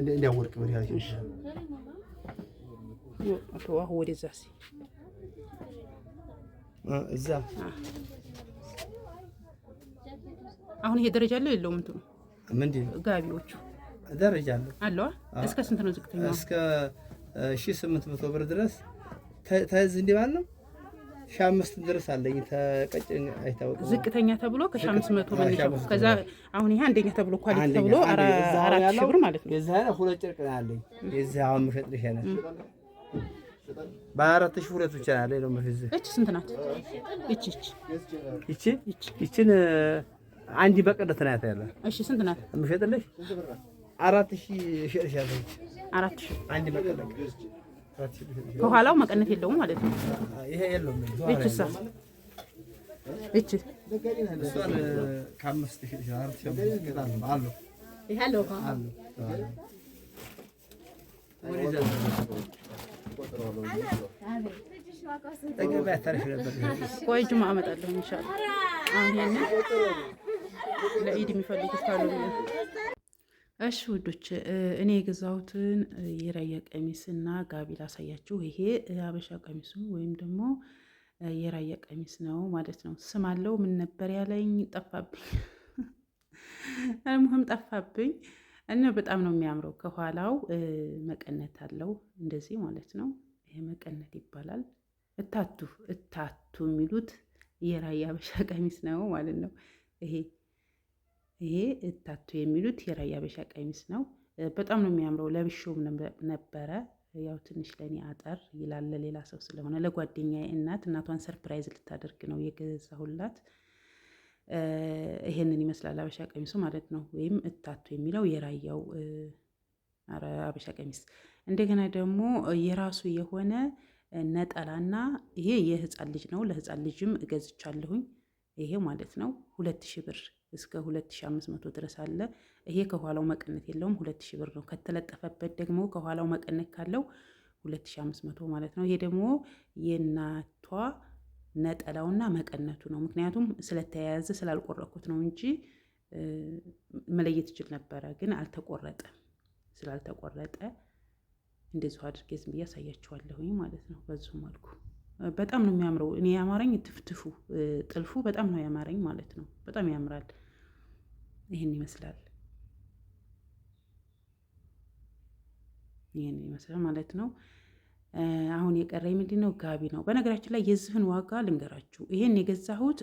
እንዲያወድቅ ወደዛ እዛ አሁን ይሄ ደረጃ አለው የለውም? እንትኑ ምንድን ነው ጋቢዎቹ ደረጃ አለው አለዋ። እስከ ስንት ነው ዝቅተኛ? እስከ ሺህ ስምንት መቶ ብር ድረስ ተዝ እንዲባል ነው። ሺህ አምስት ድረስ አለኝ። ተቀጭን አይታወቅም። ዝቅተኛ ተብሎ ከሺህ አምስት መቶ መነሻ ከዛ አሁን ይሄ አንደኛ ተብሎ ኳሊቲ ተብሎ አራት ሺህ ብር ማለት ነው። የዚህ አይነት ሁለት ጨርቅ ነው ያለኝ። የዚህ አሁን ምሸጥ ይሻላል። በአራት ሺህ ሁለት ብቻ ያለ ነው። እች ስንት ናት? እች እች እች እችን አንድ በቅደት ነው ያታ ያለ። እሺ ስንት ናት ምሸጥልሽ? አራት ሺህ ሸጥሻለች። አራት ሺህ አንድ በቅደት ከኋላው መቀነት የለውም ማለት ነው። ይሄ የለውም። እቺሳ እቺ ቆይ ጁማ ኢንሻአላህ። አሁን ለኢድ የሚፈልጉት ካሉ እሺ ውዶች እኔ የገዛሁትን የራያ ቀሚስና ጋቢ ላሳያችሁ። ይሄ አበሻ ቀሚሱ ወይም ደግሞ የራያ ቀሚስ ነው ማለት ነው። ስም አለው። ምን ነበር ያለኝ? ጠፋብኝ። አልሙህም ጠፋብኝ እና በጣም ነው የሚያምረው። ከኋላው መቀነት አለው እንደዚህ ማለት ነው። ይሄ መቀነት ይባላል። እታቱ እታቱ የሚሉት የራያ አበሻ ቀሚስ ነው ማለት ነው ይሄ ይሄ እታቶ የሚሉት የራያ አበሻ ቀሚስ ነው። በጣም ነው የሚያምረው። ለብሾም ነበረ። ያው ትንሽ ለእኔ አጠር ይላል ለሌላ ሰው ስለሆነ ለጓደኛ እናት እናቷን ሰርፕራይዝ ልታደርግ ነው የገዛሁላት። ይሄንን ይመስላል አበሻ ቀሚሱ ማለት ነው። ወይም እታቶ የሚለው የራያው አበሻ ቀሚስ። እንደገና ደግሞ የራሱ የሆነ ነጠላና ይሄ የህፃን ልጅ ነው። ለህፃን ልጅም እገዝቻለሁኝ። ይሄ ማለት ነው ሁለት ሺህ ብር እስከ 2500 ድረስ አለ። ይሄ ከኋላው መቀነት የለውም፣ 2000 ብር ነው። ከተለጠፈበት ደግሞ ከኋላው መቀነት ካለው 2500 ማለት ነው። ይሄ ደግሞ የእናቷ ነጠላውና መቀነቱ ነው። ምክንያቱም ስለተያያዘ ስላልቆረኩት ነው እንጂ መለየት ይችል ነበረ፣ ግን አልተቆረጠም። ስላልተቆረጠ እንደዚሁ አድርጌ ዝም ብዬ አሳያችኋለሁኝ ማለት ነው። በዚሁ መልኩ በጣም ነው የሚያምረው። እኔ ያማረኝ ትፍትፉ ጥልፉ በጣም ነው ያማረኝ ማለት ነው። በጣም ያምራል። ይህን ይመስላል። ይህን ይመስላል ማለት ነው። አሁን የቀረኝ ምንድን ነው? ጋቢ ነው። በነገራችን ላይ የዚህን ዋጋ ልንገራችሁ። ይሄን የገዛሁት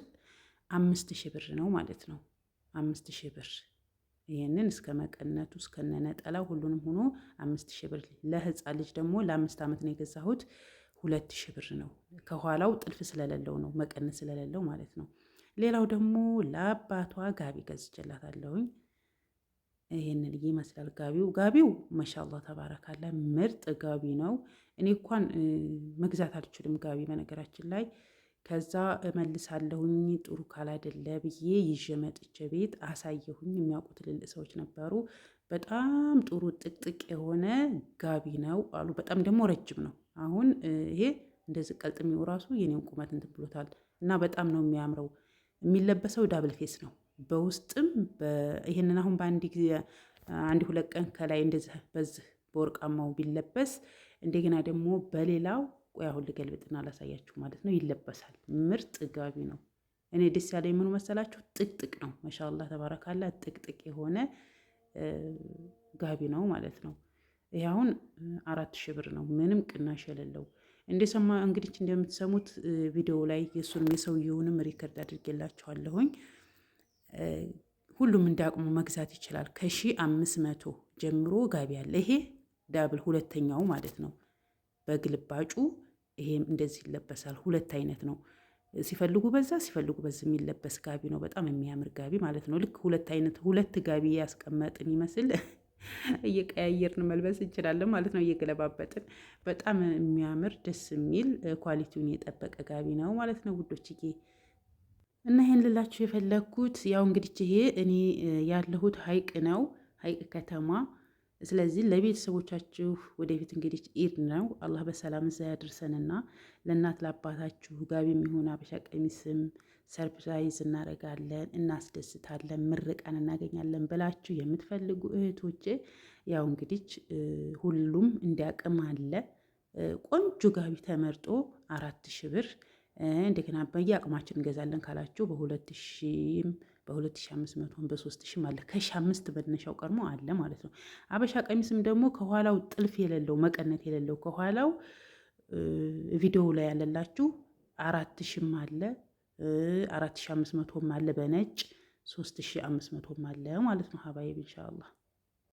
አምስት ሺህ ብር ነው ማለት ነው። አምስት ሺህ ብር ይህንን እስከ መቀነቱ እስከነ ነጠላው ሁሉንም ሆኖ አምስት ሺህ ብር። ለህፃን ልጅ ደግሞ ለአምስት ዓመት ነው የገዛሁት ሁለት ሺህ ብር ነው። ከኋላው ጥልፍ ስለሌለው ነው መቀነት ስለሌለው ማለት ነው። ሌላው ደግሞ ለአባቷ ጋቢ ገዝቼላታለሁኝ። ይሄንን ይመስላል ጋቢው። ጋቢው ማሻላ ተባረካለ፣ ምርጥ ጋቢ ነው። እኔ እንኳን መግዛት አልችልም ጋቢ በነገራችን ላይ ከዛ እመልሳለሁኝ ጥሩ ካላደለ ብዬ ይዤ መጥቼ ቤት አሳየሁኝ። የሚያውቁ ትልልቅ ሰዎች ነበሩ። በጣም ጥሩ ጥቅጥቅ የሆነ ጋቢ ነው አሉ። በጣም ደግሞ ረጅም ነው። አሁን ይሄ እንደዚህ ቀልጥሚው ራሱ የኔን ቁመት እንትን ብሎታል እና በጣም ነው የሚያምረው። የሚለበሰው ዳብል ፌስ ነው። በውስጥም ይህንን አሁን በአንድ ጊዜ አንድ ሁለት ቀን ከላይ እንደዚህ በዚህ በወርቃማው ቢለበስ እንደገና ደግሞ በሌላው ቆይ አሁን ልገልብጥና አላሳያችሁ ማለት ነው። ይለበሳል። ምርጥ ጋቢ ነው። እኔ ደስ ያለኝ ምኑ መሰላችሁ? ጥቅጥቅ ነው። ማሻአላህ ተባረካላ። ጥቅጥቅ የሆነ ጋቢ ነው ማለት ነው። ይህ አሁን አራት ሺህ ብር ነው። ምንም ቅናሽ የሌለው እንደሰማ እንግዲህ እንደምትሰሙት ቪዲዮ ላይ የእሱንም የሰውየውንም ሪከርድ አድርጌላችኋለሁኝ። ሁሉም እንዳቅሙ መግዛት ይችላል። ከሺ አምስት መቶ ጀምሮ ጋቢ አለ። ይሄ ዳብል ሁለተኛው ማለት ነው። በግልባጩ ይሄም እንደዚህ ይለበሳል። ሁለት አይነት ነው። ሲፈልጉ በዛ ሲፈልጉ በዚህ የሚለበስ ጋቢ ነው። በጣም የሚያምር ጋቢ ማለት ነው። ልክ ሁለት አይነት ሁለት ጋቢ ያስቀመጥን ይመስል እየቀያየርን መልበስ እንችላለን ማለት ነው፣ እየገለባበጥን። በጣም የሚያምር ደስ የሚል ኳሊቲውን የጠበቀ ጋቢ ነው ማለት ነው ውዶችዬ። እና ይህን ልላችሁ የፈለግኩት ያው እንግዲህ ይሄ እኔ ያለሁት ሀይቅ ነው፣ ሀይቅ ከተማ ስለዚህ ለቤተሰቦቻችሁ ወደፊት እንግዲህ ኢድ ነው። አላህ በሰላም እዛ ያድርሰንና ለእናት ለአባታችሁ ጋቢ የሚሆን አበሻ ቀሚስም ሰርፕራይዝ እናደርጋለን፣ እናስደስታለን፣ ምርቃን እናገኛለን ብላችሁ የምትፈልጉ እህቶቼ ያው እንግዲህ ሁሉም እንዲያቅም አለ ቆንጆ ጋቢ ተመርጦ አራት ሺ ብር እንደገና በየአቅማችን እንገዛለን ካላችሁ በሁለት ሺም በሁለት ሺ አምስት መቶም በሶስት ሺም አለ ከሺ አምስት መነሻው ቀድሞ አለ ማለት ነው። አበሻ ቀሚስም ደግሞ ከኋላው ጥልፍ የሌለው መቀነት የሌለው ከኋላው ቪዲዮው ላይ ያለላችሁ አራት ሺም አለ አራት ሺ አምስት መቶም አለ በነጭ ሶስት ሺ አምስት መቶም አለ ማለት ነው። ሀባይብ ኢንሻአላህ